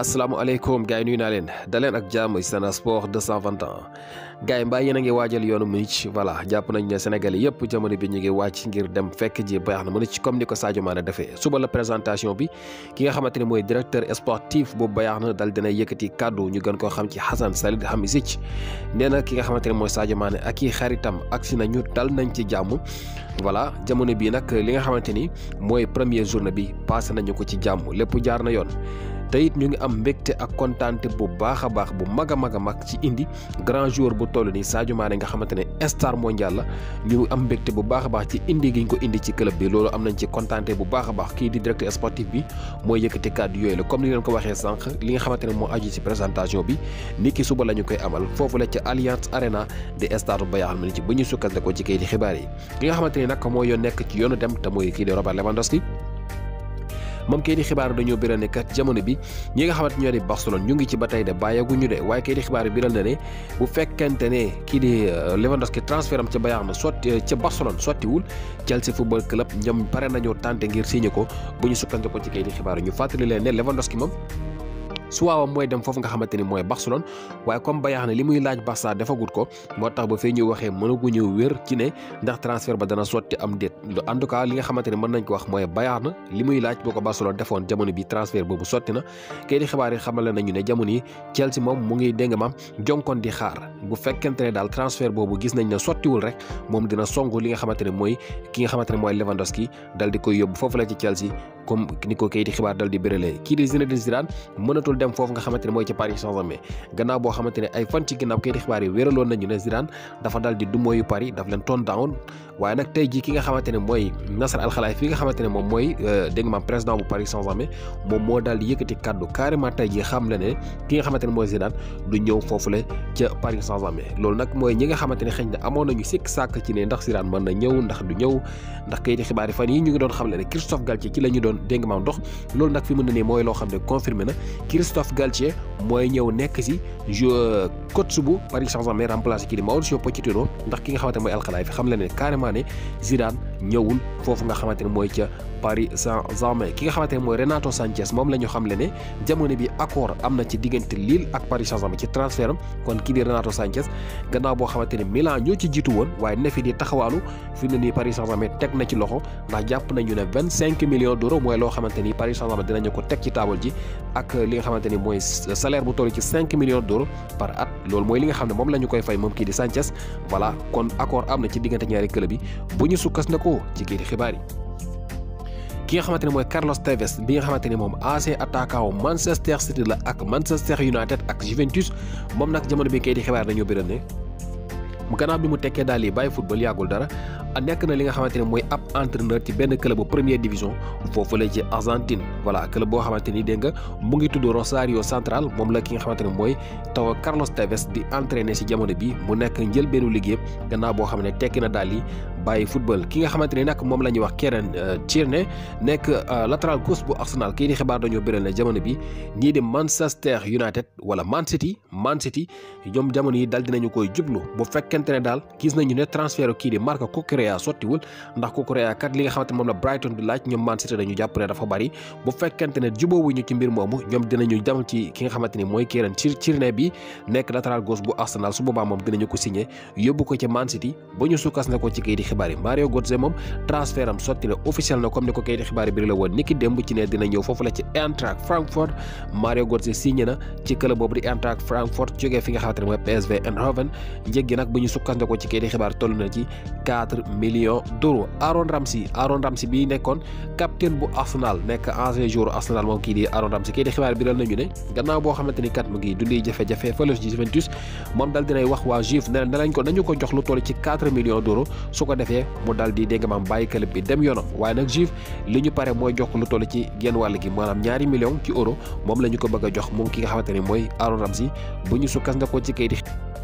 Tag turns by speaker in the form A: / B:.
A: asalaamaaleykum aleykum gaay nuyu naa leen daleen ak jàmm Sen Sport 221 gars yi mbaa yéen a ngi waajal yoonu Munich voilà jàpp nañ ne Sénégalais yëpp jamono bi ñu ngi wàcc ngir dem fekk ji Bayern Munich comme ni ko Sadio Mané defee suba la présentation bi ki nga xamante ne mooy directeur sportif bu Bayern dal dina yëkkati kàddu ñu gën koo xam ci Hasan Salihamidzic nee na ki nga xamante ne mooy Sadio Mané ak i xaritam agsi nañu dal nañ ci jàmm voilà jamono bii nag li nga xamante ni mooy premier journée bi passé nañu ko ci jàmm lépp jaar na yoon te it ñu ngi am mbégte ak kontaante bu baax a baax bu mag a mag a mag ci indi grand joueur bu toll nii Sadio Mané nga xamante ne star mondial la ñu am mbégte bu baax a baax ci indi gi ñu ko indi ci club bi loolu am nañ ci kontaante bu baax a baax kii di directeur sportif bi mooy yëkkati kàddu yooyu la comme ni leen ko waxee sànq li nga xamante ne moo aju ci présentation bi ni ki suba la ñu koy amal foofu la ca Alliance Arena di stade Bayern Munich ba ñu sukkandiku ci kayiti xibaar yi ki nga xamante ne nag moo yoon nekk ci yoonu dem te mooy kii di Robert Lewandowski moom kay di xibaar dañoo biral ne kat jamono bi ñi nga xamante ñoo di Barcelone ñu ngi ci ba tey de bàyyeeguñu de waaye kay di xibaar biral na ne bu fekkente ne kii di euh, Lewandowski transfert am ca Bayern sotti euh, ca Barcelone sottiwul Chelsea football club ñoom pare nañoo tànte ngir signé ko bu ñu sukkandikoo ci kay di xibaar ñu fàttali leen ne ki moom su suwaawam mooy dem foofu nga xamante ni mooy Barcelone waaye comme Bayern ne li muy laaj Barça defagut ko moo tax ba fee ñuy waxee mënaguñu wér ci ne ndax transfert ba dana sotti am déet en tout cas li nga xamante ni mën nañ ko wax mooy Bayern li muy laaj boo ko Barcelone defoon jamono bi transfert boobu sotti na kay di xibaar yi xamale nañu ne jamono yi Chelsea moom mu ngi dénga maam jonkoon di xaar bu fekkente ne daal transfert boobu gis nañ ne sottiwul rek moom dina songu li nga xamante ne mooy ki nga xamante ne mooy Lewandowski dal di koy yóbbu foofu la ci Chelsea comme ni ko kayiti xibaar dal di béralee kii di Zinedine Zidane mënatul dem foofu nga xamante ne mooy ca Paris Saint-Germain gannaaw boo xamante ne ay fan ci ginnaaw kayiti xibaar yi wéraloon nañu ne Zidane dafa dal di dumooyu Paris daf leen ton down waaye nag tey ji ki nga xamante ne mooy Nasser Al Khelaïfi fi nga xamante ne moom mooy euh, dégg nga président bu Paris Saint-Germain moom moo daal di yëkkati kàddu carrément tey jii xam na ne ki nga xamante ne mooy Zidane du ñëw foofule ca Paris Saint-Germain loolu nag mooy ñi nga xamante ne xëy na amoon nañu sikk sàkk ci ne ndax Zidane mën na ñëw ndax du ñëw ndax kayiti xibaar yi fan yi ñu ngi doon xam ne ne Christophe Galtier ci la doon dégg maam dox loolu nag fi ne mooy na Christophe Galtier mooy nekk si euh, coach ndax ki nga xamante mooy Al fi xam na ne carrément Mané Zidane ñëwul foofu nga xamante ne mooy Paris Saint-Germain ki nga xamante ne Renato Sanchez moom la ñu xamle ne bi accord am na ci diggante Lille ak Paris Saint-Germain ci transfert am kon kii di Renato Sanchez gannaaw boo xamante Milan ñoo ci jiitu woon waaye ne di taxawaalu fi ne Paris Saint-Germain teg na ci loxo ndax jàpp nañu ne 25 millions d'euros mooy loo xamante ni Paris Saint-Germain dinañu ko teg ci taabal ji ak li nga xamante ni mooy salaire bu toll ci 5 millions d'euros par loolu mooy li nga xam ne moom la ñu koy fay moom kii di Sanchez voilà kon accord am ci diggante ñaari club yi bu sukkas na ci di xibaar yi ki nga Carlos Tevez bi nga xamante ne moom attaquant Manchester City la ak Manchester United ak Juventus moom nag jamono bi kay di xibaar dañoo biral mu gannaaw bi mu tekkee daal yi bàyyi football yàggul dara nekk na li nga entraîneur ci ben club première division foofule ci Argentine voilà club bo xamanteni ni dégg nga mu ngi tudd Rosario Central mom la ki nga xamante ne taw Carlos Tevez di entraîner ci jamono bi mu nekk njëlbeenu liggéeyam gannaaw boo xam Tekina tekki na bàyyi football ki nga xamante ni nag moom la ñuy wax Keren euh, Tierney nekk euh, latéral gauche bu Arsenal kii di xibaar dañoo bëral ne jamono bi ñii di Manchester United wala Man City Man City ñoom jamono yi dal dinañu koy jublu bu fekkente ne daal gis nañu ne transfert kii di Marc ndax Cucurella kat nga xamante moom la Brighton laaj ñoom Man City dañu jàpp dafa bari bu fekkente ne jubóowuñu ci mbir moomu ñoom dinañu dem ci ki nga xamante ni mooy Keren Tierney bi nekk latéral gauche bu Arsenal su boobaa moom dinañu ko signé yóbbu ko ci Man City ba ñu sukkas na ko ci kii di xibaar yi Mario Götze mom transfert am sotti na officiel na comme ni ko kayit xibaar bi la woon niki démb ci ne dina ñëw foofu la ci Eintracht Francfort Mario Götze signé na ci club boobu di Eintracht Francfort jógee fi nga xamante ne PSV Eindhoven njëg gi nag bu ñu sukkandikoo ci kayit xibaar toll na ci 4 millions d'euros Aaron Ramsey Aaron Ramsey bi nekkoon capitaine bu Arsenal nekk ancien joueur Arsenal moom kii di Aaron Ramsey kii di xibaar bi dal nañu ne gannaaw boo xamante ni kat mu ngi dundee jafe-jafe fële Juventus moom dal dinay wax waa Juve ne leen danañ ko nañu ko jox lu toll ci 4 millions d'euros su ko defee mu daal di dégg maam bàyyi club bi dem yoonam waaye nag juif li ñu pare mooy jox lu toll ci genn wàll gi maanaam ñaari million ci euro moom la ko bëgg a jox moom ki nga xamante ne mooy Aaron Ramsey bu ñu sukkandikoo ci kayit